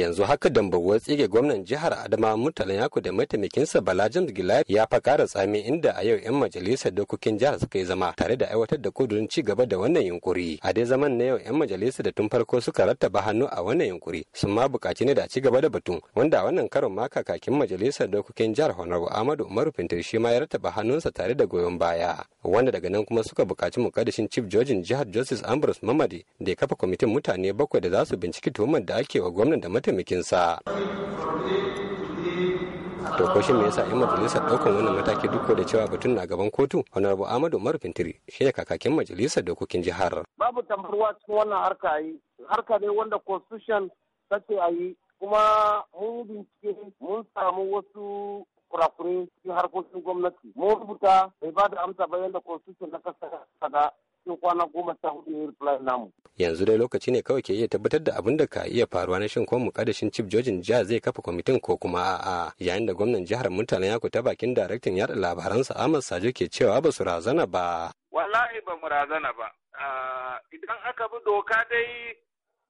yanzu haka dambawar tsige gwamnan jihar adama murtala yaku da mataimakinsa bala james gilari ya fa kara tsami inda a yau yan majalisar dokokin jihar suka yi zama tare da aiwatar da kudurin ci gaba da wannan yunkuri a dai zaman na yau yan majalisar da tun farko suka rattaba hannu a wannan yunkuri sun ma bukaci ne da ci gaba da batun wanda a wannan karon ma kakakin majalisar dokokin jihar honorable ahmadu umaru fintir shi ma ya rattaba hannunsa tare da goyon baya wanda daga nan kuma suka bukaci mukaddashin chief jojin jihar justice ambrose mamadi da ya kafa kwamitin mutane bakwai da za su binciki tuhumar da ake wa gwamnan da mataimakinsa to ko shi me yasa yan majalisar daukan wannan mataki duk da cewa batun na gaban kotu honorable ahmadu umar fintiri shi ne kakakin majalisar dokokin jihar babu tambarwa cikin wannan harka yi harka ne wanda constitution ta ce a yi kuma mun bincike mun samu wasu kurakurai cikin harkokin gwamnati mun rubuta bai ba da amsa ba yadda constitution na kasa kada cikin kwana goma sa hudu ne reply namu. Yanzu dai lokaci ne kawai ke iya tabbatar da abin da ka iya faruwa na shin ko kadashin Chief Jojin zai kafa kwamitin ko kuma a'a yayin da gwamnan jihar Murtala Yako ta bakin daraktan yada labaransa Ahmad Sajo ke cewa ba su razana ba. Wallahi ba mu razana ba. Ah, idan aka bi doka dai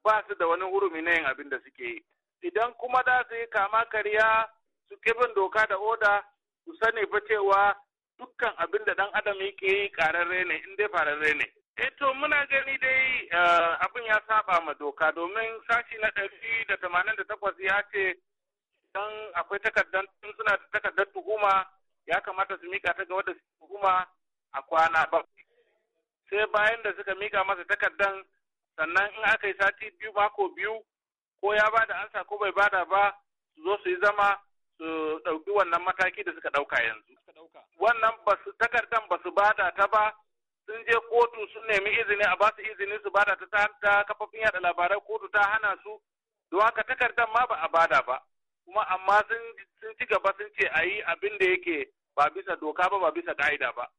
ba su da wani hurumi na yin abin da suke yi. Idan kuma za su yi kama karya su bin doka da oda su sani fa cewa dukkan abin da dan adam yake yi kararre ne in dai fararre ne E to muna gani dai eh, abin ya saba ma doka domin sashi na ɗari da tamanin da takwas ya ce dan akwai takardar tun suna da takardar tuhuma ya kamata su mika ta ga wadda su tuhuma a kwana ba. Sai bayan da suka mika masa takardar sannan in aka yi sati biyu mako biyu ko ya bada ansa ko bai bada ba su zo su yi zama su ɗauki wannan mataki da suka ɗauka yanzu. Wannan basu takardan basu bada ta ba sun je kotu sun nemi izini a basu izini su bada ta ta kafafin yada labarai kotu ta hana su don haka takardan ma ba a bada ba kuma amma sun ci gaba sun ce a yi abin da yake ba bisa doka ba ba bisa ka'ida ba